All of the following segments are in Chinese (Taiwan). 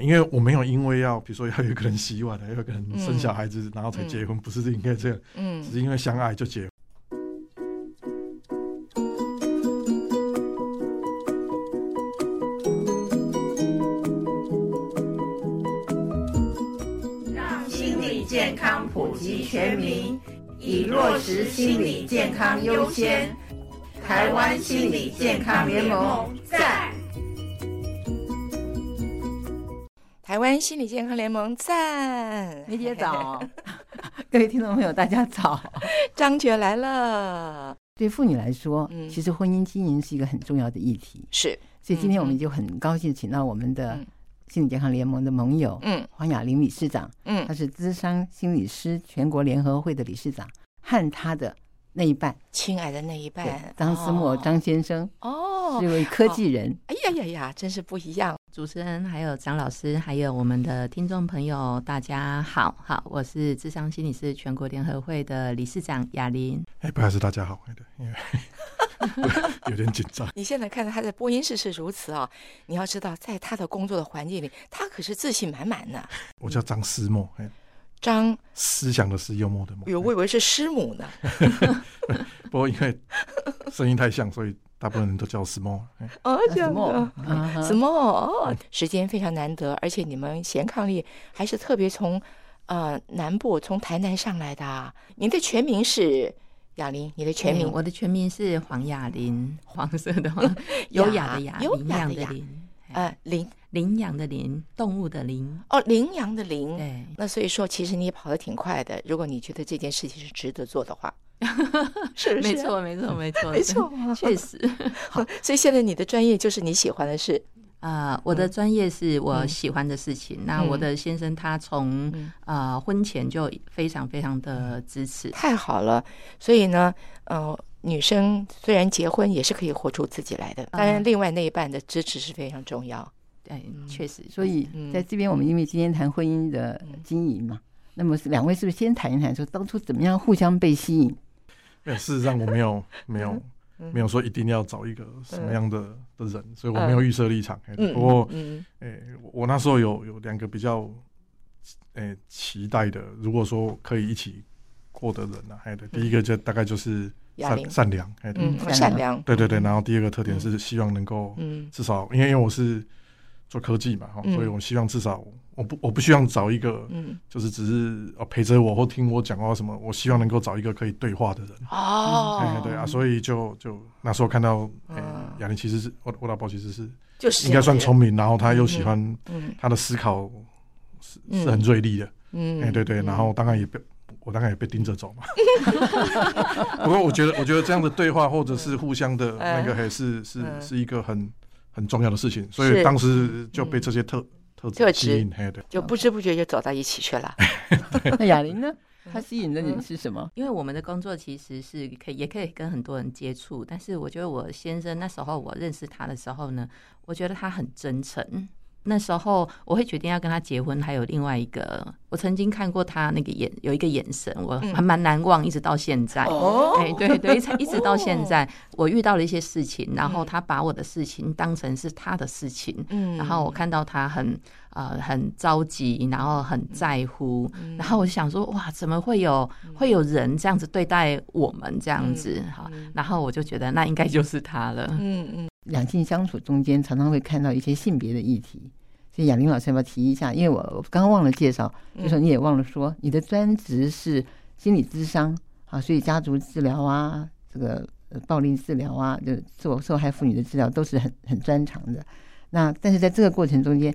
因為我沒有因為要，比如說要一個人洗碗的，要一個人生小孩子，嗯、然後才結婚，嗯嗯、不是應該這樣。嗯、只是因為相愛就結。讓心理健康普及全民，以落實心理健康優先。台灣心理健康聯盟。心理健康聯盟贊，梅姐早，各位聽眾朋友大家早，張珏來了。對婦女來說，其實婚姻經營是一個很重要的議題。是，所以今天我們就很高興請到我們的心理健康聯盟的盟友，嗯，黃雅羚理事長，嗯，她是諮商心理師，全國聯合會的理事長，和她的那一半，親愛的那一半，張思默張先生，哦，是一位科技人，哎呀呀呀，真是不一樣。主持人，還有張老師，還有我們的聽眾朋友，大家好，好，我是諮商心理師全國聯合會的理事長雅羚。哎，hey, 不好意思，大家好， 有點緊張。 你現在看到他在播音室是如此啊、哦，你要知道，在他的工作的環境裡，他可是自信滿滿的。我叫張思默。Hey. 張思想的是幽默的，我以為是師母呢。 不過因為聲音太像，所以大部分人都叫 Smo。啊，這樣子、okay.，Smo，、uh huh. 時間非常難得，而且你們咸康力還是特別從啊南部從台南上來的、啊。您的全名是雅玲，你的全名，hey, 我的全名是黃雅玲、嗯，黃色的黃，優 雅，雅的雅，優雅的雅，哎，玲、呃。羚羊的羚，動物的羚哦，羚羊的羚。對 那所以說，其實你也跑得挺快的。如果你覺得這件事情是值得做的話， 是不是、啊？沒錯，沒錯，沒錯， 沒錯，確實。好， 所以現在你的專業就是你喜歡的事啊。我的專業是我喜歡的事情。那、嗯、我的先生他從、嗯呃、婚前就非常非常的支持，嗯嗯嗯、太好了。所以呢，呃，女生雖然結婚也是可以活出自己來的，當然另外那一半的支持是非常重要。對，確實，所以在這邊，我們因為今天談婚姻的經營嘛，那麼兩位是不是先談一談，說當初怎麼樣互相被吸引？事實上我沒有沒有沒有說一定要找一個什麼樣的的人，所以我沒有預設立場。不過，哎，我那時候有有兩個比較，哎，期待的，如果說可以一起過的人呢，還有第一個就大概就是善善良，嗯，善良，對對對，然後第二個特點是希望能夠，嗯，至少因為因為我是，做科技嘛，所以我希望至少我不我不希望找一個，就是只是陪着我或聽我講話什麼，我希望能夠找一個可以對話的人。哦，對啊，所以就就那時候看到，雅羚其實是我我老婆其實是，應該算聰明，然後他又喜歡，他的思考是是很銳利的，嗯，對對，然後當然也被我當然也被盯着走嘛，不過我覺得我覺得這樣的對話或者是互相的那個還是是是一個很，很重要的事情，所以當時就被這些特、嗯、特質吸引，止就不知不覺就走到一起去了。雅羚 呢，她吸引的你是什麼、嗯？因為我們的工作其實是可以也可以跟很多人接觸，但是我覺得我先生那時候我認識他的時候呢，我覺得他很真誠。那時候我會決定要跟他結婚，還有另外一個，我曾經看過他那個眼有一個眼神，我還蠻難忘，嗯、一直到現在。哦，欸、對對對，一直到現在，哦、我遇到了一些事情，然後他把我的事情當成是他的事情。嗯，然後我看到他很、呃、很着急，然後很在乎，嗯、然後我就想說哇，怎麼會有會有人這樣子對待我們這樣子？哈、嗯，然後我就覺得那應該就是他了。嗯嗯。嗯兩性相處中間常常會看到一些性別的議題，所以雅羚老師要不要提一下？因為我我剛剛忘了介紹，就說你也忘了說，你的專職是心理諮商啊，所以家族治療啊，這個暴力治療啊，就做受害婦女的治療都是很很專長的。那但是在這個過程中間，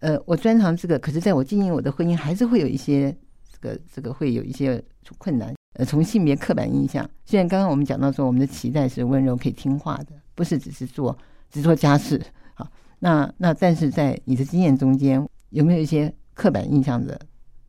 呃，我專長這個，可是在我經營我的婚姻，還是會有一些這個這個會有一些困難。呃，從性別刻板印象，雖然剛剛我們講到說我們的期待是溫柔、可以聽話的，不是只是做只做家事，好，那那但是在你的經驗中間，有沒有一些刻板印象的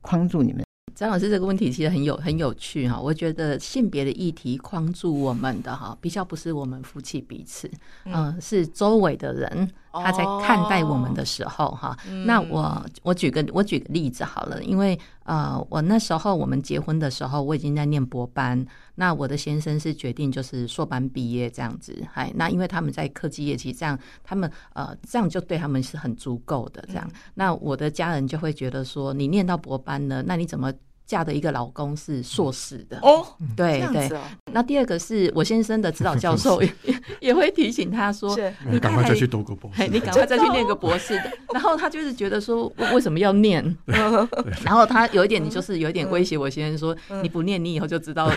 框住你們？張老師這個問題其實很有很有趣哈，我覺得性別的議題框住我們的哈，比較不是我們夫妻彼此，嗯、呃，是周圍的人。他在看待我們的時候，oh, 哈，嗯，那我我舉個我舉個例子好了，因為呃，我那時候我們結婚的時候，我已經在念博班，那我的先生是決定就是碩班畢業這樣子，哎，那因為他們在科技業，其實這樣他們呃這樣就對他們是很足夠的這樣，嗯，那我的家人就會覺得說，你念到博班呢，那你怎麼，嫁的一個老公是碩士的哦，對對，那第二個是我先生的指導教授，也會提醒他說：“你趕快再去讀個博士，你趕快再去念個博士的。”然後他就是覺得說：“我為什麼要念？”然後他有一點，你就是有一點威脅我先生說：“你不念，你以後就知道了。”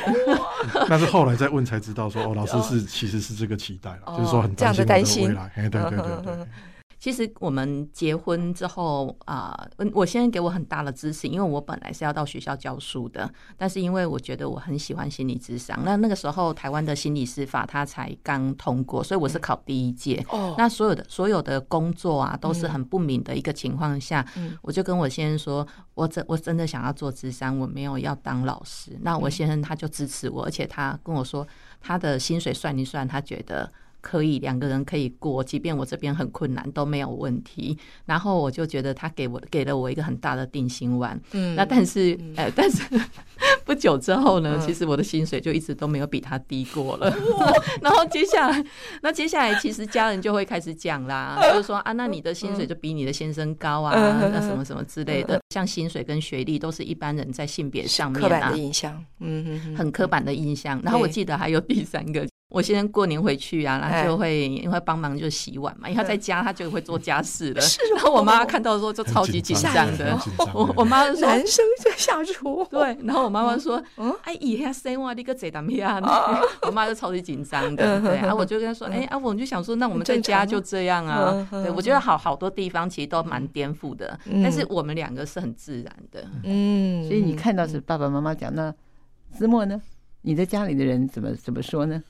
但是後來再問才知道說：“哦，老師是其實是這個期待，就是說很這樣的擔心。”哎，對對對。其實我們結婚之後啊、呃，我先生給我很大的支持，因為我本來是要到學校教書的，但是因為我覺得我很喜歡心理諮商，那那個時候台灣的心理師法他才剛通過，所以我是考第一屆、嗯。哦，那所有的所有的工作啊，都是很不明的一個情況下，嗯嗯、我就跟我先生說，我真我真的想要做諮商，我沒有要當老師。那我先生他就支持我，嗯、而且他跟我說，他的薪水算一算，他覺得。可以兩個人可以過，即便我這邊很困難都沒有問題。然後我就覺得他給我給了我一個很大的定心丸。嗯。那但是，呃，但是不久之後呢，其實我的薪水就一直都沒有比他低過了。然後接下來，那接下來其實家人就會開始講啦，就是說啊，那你的薪水就比你的先生高啊，那什麼什麼之類的。像薪水跟學歷都是一般人在性別上面啊，刻板的印象，嗯，很刻板的印象。然後我記得還有第三個。我先生過年回去啊，然後就會因為幫忙就是洗碗嘛，因為他在家他就會做家事的。是，然後我媽看到的時候就超級緊張的。我我媽說男生在下廚，對。然後我媽媽說，哎，以他生我這個賊當呀。我媽就超級緊張的。對，然後我就跟她說，哎阿我就想說，那我們在家就這樣啊。對，我覺得好好多地方其實都蠻顛覆的，但是我們兩個是很自然的。嗯，所以你看到是爸爸媽媽講，那思默呢？你在家裡的人怎麼怎麼說呢？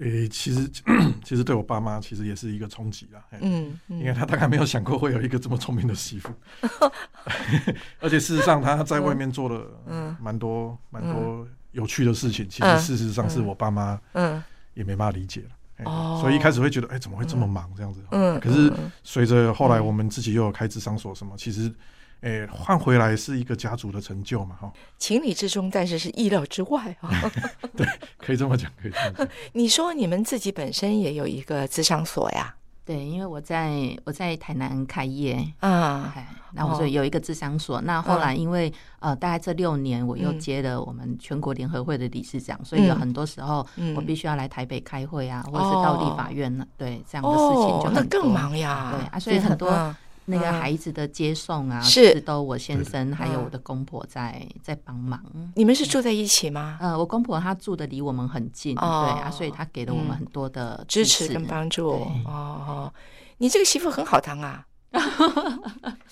誒、欸，其實其實對我爸媽其實也是一個衝擊了。嗯，因為他大概沒有想過會有一個這麼聰明的媳婦， 而且事實上他在外面做了蠻多蠻、嗯嗯、多有趣的事情。其實事實上是我爸媽也沒辦法理解了。所以一開始會覺得哎、欸、怎麼會這麼忙這樣子？嗯啊、可是隨着後來我們自己又有開智商所什麼，嗯、其實。哎，換、欸、回來是一個家族的成就嘛，哈。情理之中，但是是意料之外，哦，哈。 對，可以這麼講，可以這麼講。 你說你們自己本身也有一個諮商所呀？對，因為我在我在台南開業啊，那我就有一個諮商所。嗯、那後來因為呃，大概這六年我又接了我們全國聯合會的理事長，嗯、所以有很多時候我必須要來台北開會啊，嗯、或者是到立法院呢，哦、對這樣的事情就，哦、那更忙呀，對啊，所以很多。那個孩子的接送啊，是都我先生還有我的公婆在在幫忙。你們是住在一起嗎？呃，我公婆他住的離我們很近，對啊，所以他給了我們很多的支持跟幫助。哦，你這個媳婦很好當啊，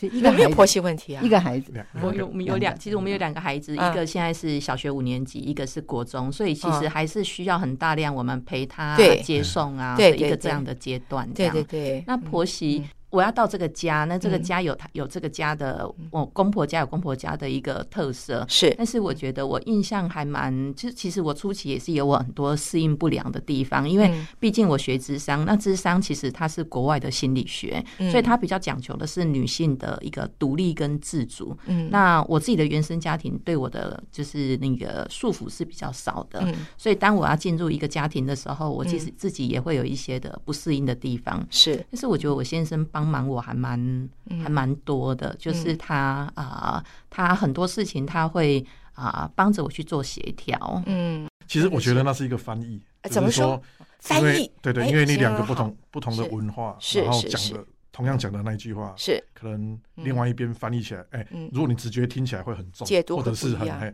一個沒有婆媳問題啊，一個孩子。我有我們有兩，其實我們有兩個孩子，一個現在是小學五年級，一個是國中，所以其實還是需要很大量我們陪他接送啊，一個這樣的階段。對對對，那婆媳。我要到這個家，那這個家有他、嗯、有這個家的，我公婆家有公婆家的一個特色。是，但是我覺得我印象還蠻，就是其實我初期也是有我很多適應不良的地方，因為畢竟我學諮商，那諮商其實它是國外的心理學，嗯、所以它比較講求的是女性的一個獨立跟自主。嗯，那我自己的原生家庭對我的就是那個束縛是比較少的，嗯、所以當我要進入一個家庭的時候，我其實自己也會有一些的不適應的地方。是，但是我覺得我先生。幫忙我還蠻還蠻多的，就是他啊，他很多事情他會啊幫着我去做協調。嗯，其實我覺得那是一個翻譯，哎，怎麼說？翻譯對對，因為你兩個不同不同的文化，然後講的同樣講的那一句話，是可能另外一邊翻譯起來，哎，如果你直覺聽起來會很重，或者是很哎。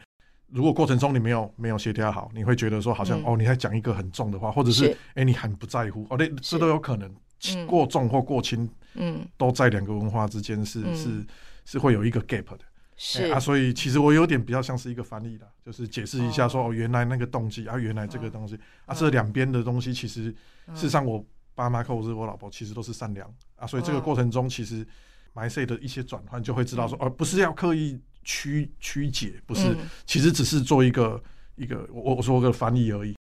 如果過程中你沒有沒有協調好，你會覺得說好像哦，你在講一個很重的話，或者是哎你很不在乎，哦對，這都有可能過重或過輕。嗯，都在兩個文化之間是、嗯、是是會有一個 gap 的，是、欸、啊，所以其實我有點比較像是一個翻譯啦，就是解釋一下說哦，哦，原來那個動機啊，原來這個東西、嗯、啊，這兩邊的東西其實，嗯、事實上我爸媽或者我老婆其實都是善良、嗯、啊，所以這個過程中其實 my say 的一些轉換就會知道說而、嗯哦、不是要刻意曲曲解，不是，嗯、其實只是做一個一個我我說個翻譯而已。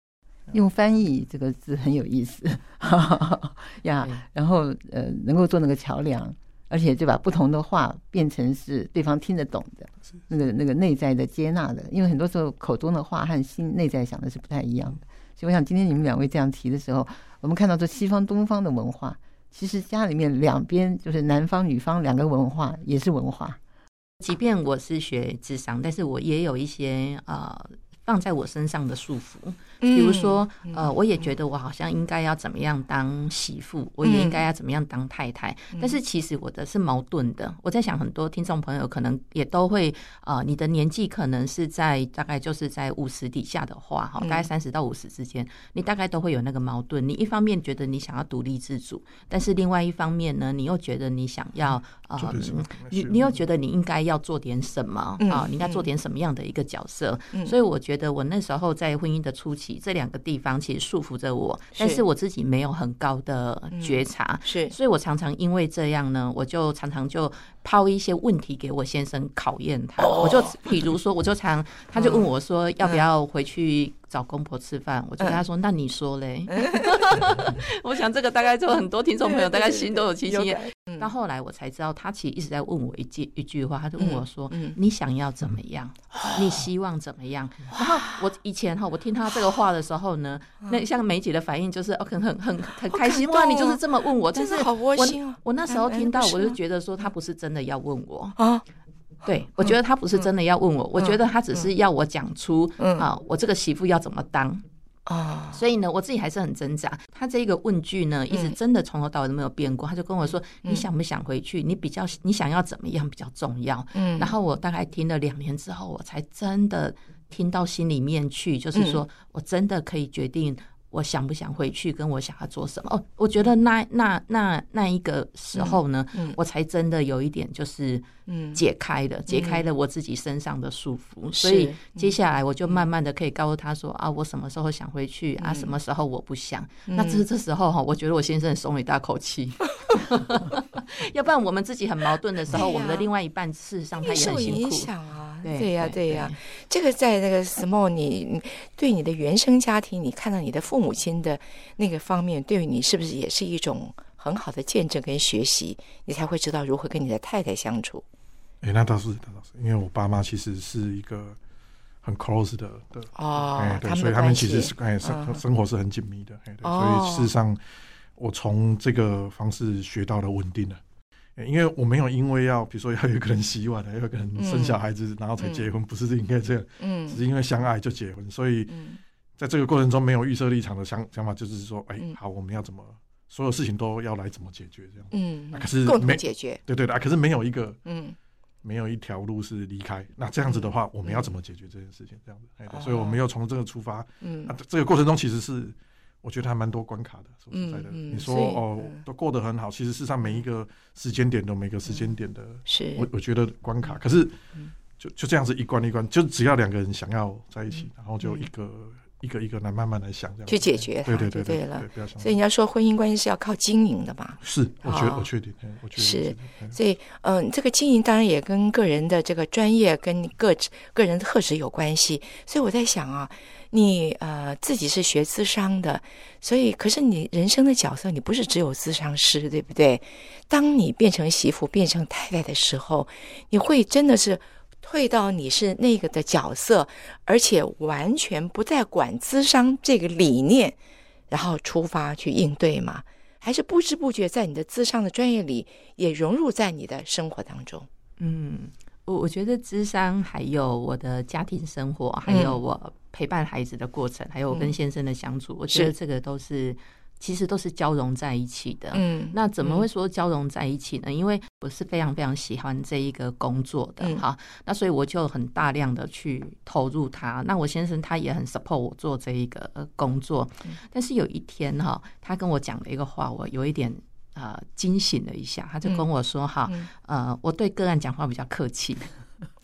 用翻譯這個字很有意思呀 Yeah, 對，然後呃，能夠做那個橋梁，而且就把不同的話變成是對方聽得懂的，那個那個內在的接納的。因為很多時候口中的話和心內在想的是不太一樣的，所以我想今天你們兩位這樣提的時候，我們看到這西方東方的文化，其實家裡面兩邊就是男方女方兩個文化也是文化。即便我是學諮商，但是我也有一些啊。呃放在我身上的束縛，比如說，嗯、呃，我也覺得我好像應該要怎麼樣當媳婦，嗯、我也應該要怎麼樣當太太。嗯、但是其實我的是矛盾的。我在想，很多聽眾朋友可能也都會，呃，你的年紀可能是在大概就是在五十底下的話，哈，大概三十到五十之間，嗯、你大概都會有那個矛盾。你一方面覺得你想要獨立自主，但是另外一方面呢，你又覺得你想要啊，呃嗯、你你又覺得你應該要做點什麼、嗯、啊，你應該做點什麼樣的一個角色？嗯、所以我覺得。覺得我那時候在婚姻的初期，這兩個地方其實束縛着我，但是我自己沒有很高的覺察，是，所以我常常因為這樣呢，我就常常就。拋一些問題給我先生考驗他，我就比如說，我就常他就問我說要不要回去找公婆吃飯，我就跟他說那你說嘞？我想這個大概就很多聽眾朋友大概心都有戚戚焉。到後來我才知道，他其實一直在問我一句一句話，他就問我說你想要怎麼樣，你希望怎麼樣？然後我以前哈，我聽他這個話的時候呢，那像梅姐的反應就是很很很很開心哇，你就是這麼問我，但是好溫馨。哦。我那時候聽到我就覺得說他不是真的。真的要問我啊？對我覺得他不是真的要問我，嗯、我覺得他只是要我講出、嗯嗯、啊,我這個媳婦要怎麼當、啊、所以呢，我自己還是很掙扎。他這個問句呢，一直真的從頭到尾都沒有變過。嗯、他就跟我說：“你想不想回去？嗯、你比較，你想要怎麼樣比較重要？”嗯。然後我大概聽了兩年之後，我才真的聽到心裡面去，就是說我真的可以決定，我想不想回去，跟我想要做什麼，哦，我覺得那那那那一個時候呢，嗯嗯、我才真的有一點就是嗯，解開了，嗯、解開了我自己身上的束縛。嗯、所以接下來我就慢慢的可以告訴他說、嗯、啊，我什麼時候想回去、嗯、啊，什麼時候我不想。嗯、那這這時候哈，我覺得我先生鬆了一大口氣。 要不然我們自己很矛盾的時候，哎、呀我們的另外一半事實上他也很辛苦。對呀，對呀、啊，對啊、對、這個在那個什麼，你對你的原生家庭，你看到你的父母親的那個方面，對於你是不是也是一種很好的見證跟學習？你才會知道如何跟你的太太相處。哎，那倒是，那倒是，因為我爸媽其實是一個很 close 的的哦，對，所以他們其實是哎生、嗯、生活是很緊密的，哎，對，哦、所以事實上我從這個方式學到了穩定了。因為我沒有，因為要比如說要有個人洗碗的，要有個人生小孩子，然後才結婚，不是應該這樣。只是因為相愛就結婚，所以在這個過程中沒有預設立場的想想法，就是說，哎，好，我們要怎麼所有事情都要來怎麼解決這樣。嗯，可是共同解決，對對的，可是沒有一個，嗯，沒有一條路是離開。那這樣子的話，我們要怎麼解決這件事情？這樣子，所以我們要從這個出發。嗯，那這個過程中其實是。我覺得還蠻多關卡的，說實在的。嗯嗯、你說所以哦，都過得很好，其實世上每一個時間點都每個時間點的，嗯、是我我覺得關卡。可是就，就就這樣子一關一關，就只要兩個人想要在一起，嗯、然後就一個。一個一個來，慢慢來想，這樣去解決它，對，對對對對了。所以人家說婚姻關係是要靠經營的嘛。是，我覺得、哦、我確定。是，所以嗯、呃，這個經營當然也跟個人的這個專業跟個個人特質有關係。所以我在想啊，你呃自己是學諮商的，所以可是你人生的角色，你不是只有諮商師，對不對？當你變成媳婦、變成太太的時候，你會真的是？退到你是那個的角色，而且完全不再管諮商這個理念，然後出發去應對嗎？還是不知不覺在你的諮商的專業裡也融入在你的生活當中？嗯，我我覺得諮商還有我的家庭生活，還有我陪伴孩子的過程，還有我跟先生的相處，嗯、我覺得這個都是。其實都是交融在一起的。嗯，那怎麼會說交融在一起呢？嗯、因為我是非常非常喜歡這一個工作的哈、嗯哦，那所以我就很大量的去投入它。那我先生他也很 support 我做這一個工作，嗯、但是有一天哈、哦，他跟我講了一個話，我有一點呃驚醒了一下。他就跟我說哈、嗯嗯哦，呃，我對個案講話比較客氣。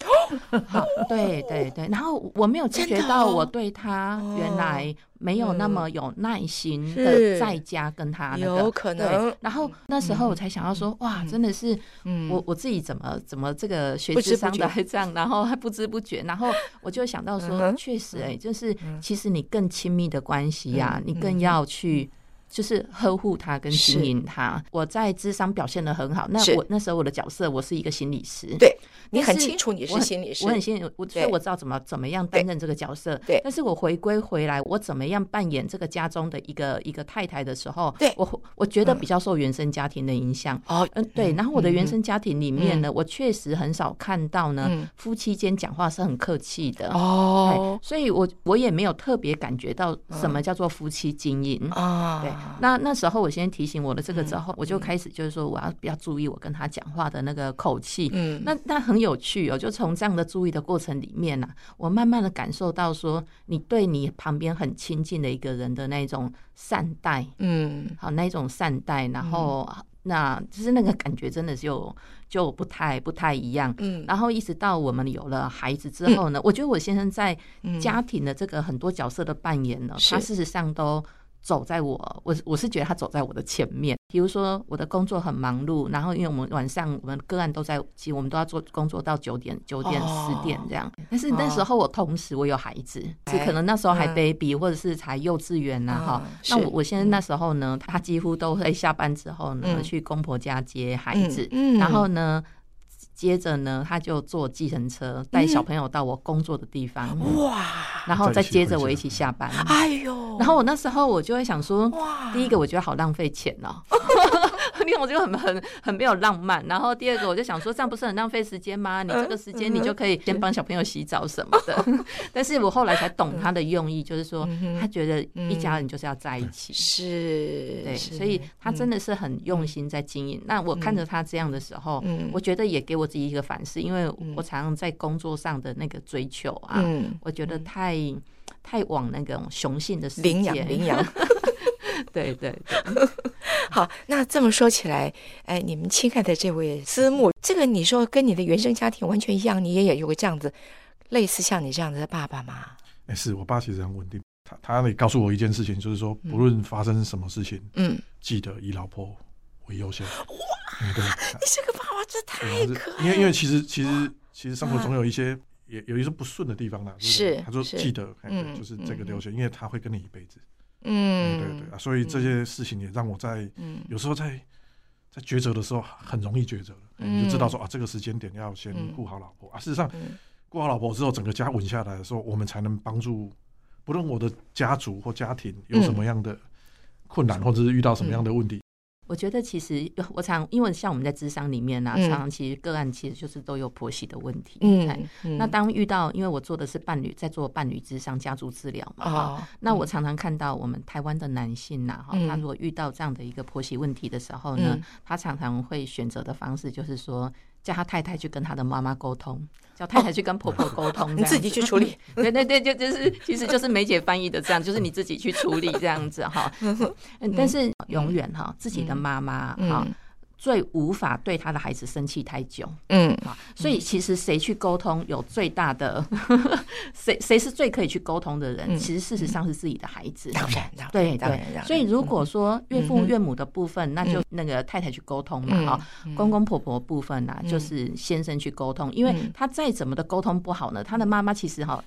好，對對對，然後我沒有察覺到，我對他原來沒有那麼有耐心的在家跟他，那個，有可能。然後那時候我才想到說，嗯、哇，真的是我，我，嗯、我自己怎麼怎麼這個學諮商的，不知的還這樣，然後還不知不覺，然後我就想到說，欸，確實，嗯，哎，就是其實你更親密的關係呀，啊，嗯，你更要去。就是呵護他跟經營他，我在諮商表現的很好。那我那時候我的角色，我是一個心理師。對。你很清楚你是心理師？我很清楚，所以我知道怎麼怎麼樣擔任這個角色。對，但是我回歸回來，我怎麼樣扮演這個家中的一個一個太太的時候，對我我覺得比較受原生家庭的影響。哦，嗯，對。然後我的原生家庭裡面呢，我確實很少看到呢夫妻間講話是很客氣的。哦，所以我我也沒有特別感覺到什麼叫做夫妻經營啊，對。那那時候，我先提醒我的這個之後，嗯、我就開始就是說，我要比較注意我跟他講話的那個口氣。嗯，那那很有趣哦，就從這樣的注意的過程裡面呢、啊，我慢慢的感受到說，你對你旁邊很親近的一個人的那種善待，嗯，好、啊、那一種善待，然後、嗯、那就是那個感覺真的就就不太不太一樣。嗯，然後一直到我們有了孩子之後呢，嗯、我覺得我先生在家庭的這個很多角色的扮演呢，嗯、他事實上都。走在我，我我是覺得他走在我的前面。比如說我的工作很忙碌，然後因為我們晚上我們個案都在，其實我們都要做工作到九點、九點、十、oh. 點這樣。但是那時候我同時我有孩子，oh. 是可能那時候還 baby、uh. 或者是才幼稚園吶哈。那我我現在那時候呢，他幾乎都會下班之後呢、uh. 去公婆家接孩子，uh. 然後呢。接着呢，他就坐計程車帶小朋友到我工作的地方，嗯嗯、哇！然後再接着我一起下班，啊、哎呦！然後我那時候我就會想說，哇！第一個我覺得好浪費錢哦。 因為我就很很很沒有浪漫，然後第二個我就想說，這樣不是很浪費時間嗎？你這個時間你就可以先幫小朋友洗澡什麼的。但是我後來才懂他的用意，就是說他覺得一家人就是要在一起，是對，所以他真的是很用心在經營。那我看着他這樣的時候，我覺得也給我自己一個反思，因為我常常在工作上的那個追求啊，我覺得太太往那個雄性的世界領養。領 對對，好，那這麼說起來，哎，你們親愛的這位師母，這個你說跟你的原生家庭完全一樣，你也有個這樣子，類似像你這樣子的爸爸嗎？哎，是我爸，其實很穩定。他他，告訴我一件事情，就是說，不論發生什麼事情，嗯，記得以老婆為優先。哇，你這個爸爸真的太可愛。因為因為其實其實其實生活總有一些也有一些不順的地方的。是，他說記得，嗯，就是這個優先，因為他會跟你一輩子。嗯，對對，對啊，所以這些事情也讓我在、嗯、有時候在在抉擇的時候很容易抉擇、嗯、就知道說啊，這個時間點要先顧好老婆、嗯、啊。事實上，嗯、顧好老婆之後，整個家穩下來的時候，我們才能幫助不論我的家族或家庭有什麼樣的困難，嗯、或者是遇到什麼樣的問題。嗯嗯。我覺得其實我常因為像我們在諮商裡面啊，常常其實個案其實就是都有婆媳的問題。嗯，那當遇到因為我做的是伴侶，在做伴侶諮商、家族治療嘛、哦，嗯、那我常常看到我們台灣的男性吶，哈，他如果遇到這樣的一個婆媳問題的時候呢，他常常會選擇的方式就是說。叫他太太去跟他的媽媽溝通，叫太太去跟婆婆溝通，哦哦，你自己去處理。 對對對，就就是，其實就是梅姐翻譯的這樣， 就是你自己去處理這樣子哈。但是永遠哈、嗯哦，自己的媽媽哈。嗯最無法對他的孩子生氣太久，嗯，嗯，所以其實誰去溝通有最大的 誰？誰誰是最可以去溝通的人，嗯嗯、其實事實上是自己的孩子，當然的，當、嗯、然、嗯、所以如果說岳父岳母的部分，嗯、那就那個太太去溝通嘛，嗯嗯、公公婆婆部分呢、啊，嗯、就是先生去溝通，嗯嗯、因為他再怎麼的溝通不好呢，他的媽媽其實哈。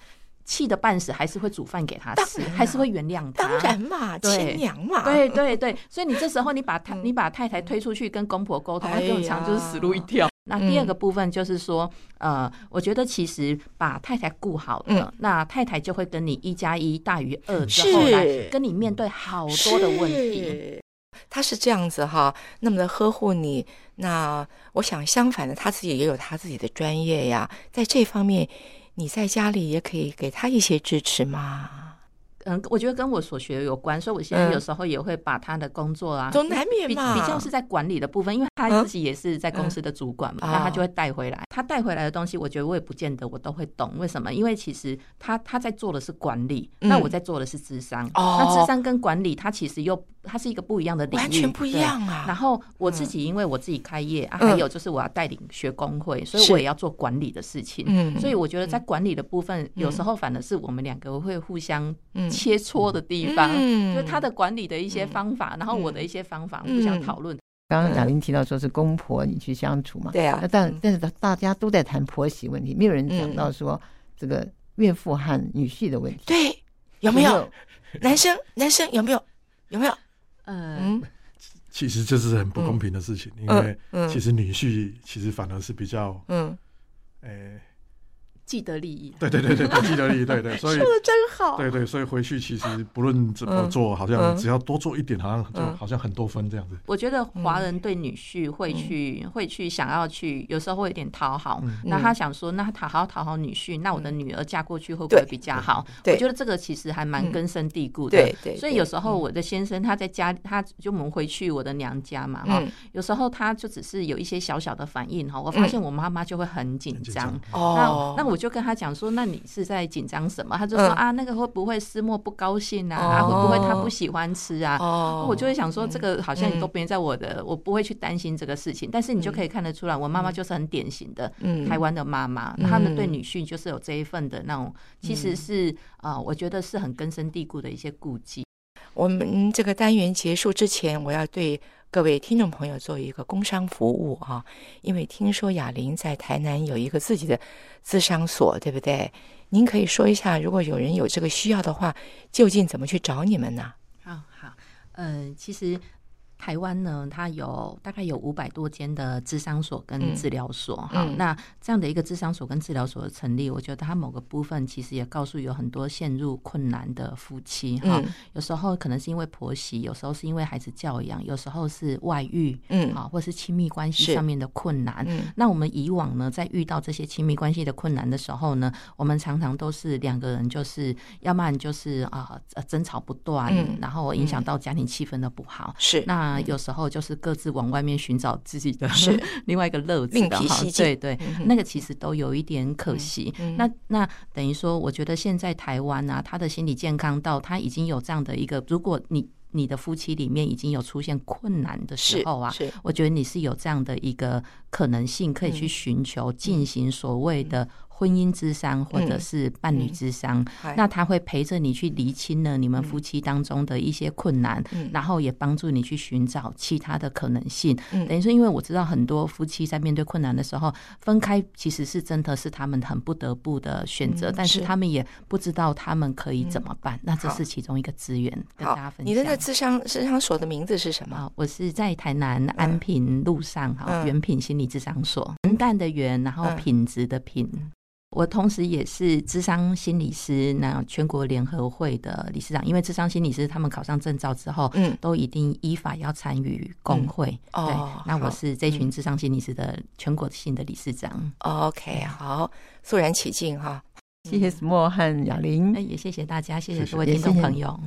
氣得半死，還是會煮飯給他吃，啊、還是會原諒他。當然嘛，對親娘嘛。對對對，所以你這時候你把他，嗯、你把太太推出去跟公婆溝通，那通常就是死路一條。嗯、那第二個部分就是說，呃，我覺得其實把太太顧好，了、嗯，那太太就會跟你一加一大於二之後來跟你面對好多的問題。是是他是這樣子哈，那麼的呵護你。那我想相反的，他自己也有他自己的專業呀，在這方面。你在家裡也可以給他一些支持嘛。嗯，我覺得跟我所學有關，所以我現在有時候也會把他的工作啊，總難免嘛，比較是在管理的部分，因為他自己也是在公司的主管嘛，那他就會帶回來，他帶回來的東西，我覺得我也不見得我都會懂，為什麼？因為其實他他在做的是管理，那我在做的是諮商，那諮商跟管理它其實又它是一個不一樣的領域，完全不一樣啊。然後我自己因為我自己開業啊，還有就是我要帶領學工會，所以我也要做管理的事情，嗯，所以我覺得在管理的部分，有時候反而是我們兩個會互相嗯。切磋的地方，就他的管理的一些方法，然後我的一些方法，互相討論。剛剛雅羚提到說是公婆你去相處嘛，對啊，但但是大家都在談婆媳問題，沒有人講到說這個岳父和女婿的問題。對，有沒有男生？男生有沒有？有沒有？嗯，其實這是很不公平的事情，因為其實女婿其實反而是比較嗯，誒。既得利益，對對對對，既得利益，對對，所以，說的真好，對對，所以回去其實不論怎麼做，好像只要多做一點，好像就好像很多分這樣子。我覺得華人對女婿會去會去想要去，有時候會有點討好。那他想說，那討好討好女婿，那我的女兒嫁過去會不會比較好？我覺得這個其實還蠻根深蒂固的。對，所以有時候我的先生他在家，他就我們回去我的娘家嘛哈。有時候他就只是有一些小小的反應哈，我發現我媽媽就會很緊張。哦，那我。我就跟他講說，那你是在緊張什麼？他就說啊，那個會不會思默不高興啊？啊？會不會他不喜歡吃啊？啊？我就會想說，這個好像你都別在我的，我不會去擔心這個事情。但是你就可以看得出來，我媽媽就是很典型的台灣的媽媽，他們對女婿就是有這一份的那種，其實是啊，我覺得是很根深蒂固的一些顧忌。我們這個單元結束之前，我要對，各位聽眾朋友，做一個工商服務啊，因為聽說雅羚在台南有一個自己的諮商所，對不對？您可以說一下，如果有人有這個需要的話，就近怎麼去找你們呢？啊、哦，好，嗯、呃，其實。台灣呢，它有大概有五百多間的諮商所跟治療所哈、嗯嗯。那這樣的一個諮商所跟治療所的成立，我覺得它某個部分其實也告訴有很多陷入困難的夫妻哈、嗯。有時候可能是因為婆媳，有時候是因為孩子教養，有時候是外遇，嗯，啊，或是親密關係上面的困難。嗯、那我們以往呢，在遇到這些親密關係的困難的時候呢，我們常常都是兩個人就是，要不然就是啊、呃，爭吵不斷，嗯、然後影響到家庭氣氛的不好。是那。啊，嗯、有時候就是各自往外面尋找自己的是 另外一個樂子的，對對，嗯、哼那個其實都有一點可惜。嗯、哼那那等於說，我覺得現在台灣啊，他的心理健康到他已經有這樣的一個，如果你你的夫妻裡面已經有出現困難的時候啊，是，是，我覺得你是有這樣的一個可能性可以去尋求進行所謂的。婚姻諮商或者是伴侶諮商，那他會陪着你去釐清你們夫妻當中的一些困難，然後也幫助你去尋找其他的可能性。等於說，因為我知道很多夫妻在面對困難的時候分開，其實是真的是他們很不得不的選擇，但是他們也不知道他們可以怎麼辦。那這是其中一個資源跟大家分享。你的那諮商諮商所的名字是什麼？我是在台南安平路上哈，原品心理諮商所，原淡的原，然後品質的品。我同時也是諮商心理師，那全國聯合會的理事長。因為諮商心理師他們考上證照之後，嗯，都一定依法要參與公會。嗯、對，哦、那我是這群諮商心理師的全國性的理事長。嗯對哦、OK，好，肅然起敬哈。嗯、謝謝思默和雅羚，欸，也謝謝大家，謝謝各位聽眾朋友。